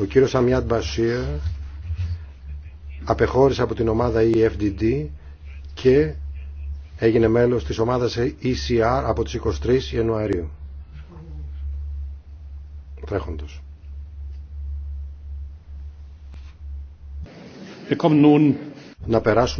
Ο κύριος Αμιάτ Μπασίρ απεχώρησε από την ομάδα EFDD και έγινε μέλος της ομάδας ECR από τις 23 Ιανουαρίου. Τρέχοντος. Να περάσουμε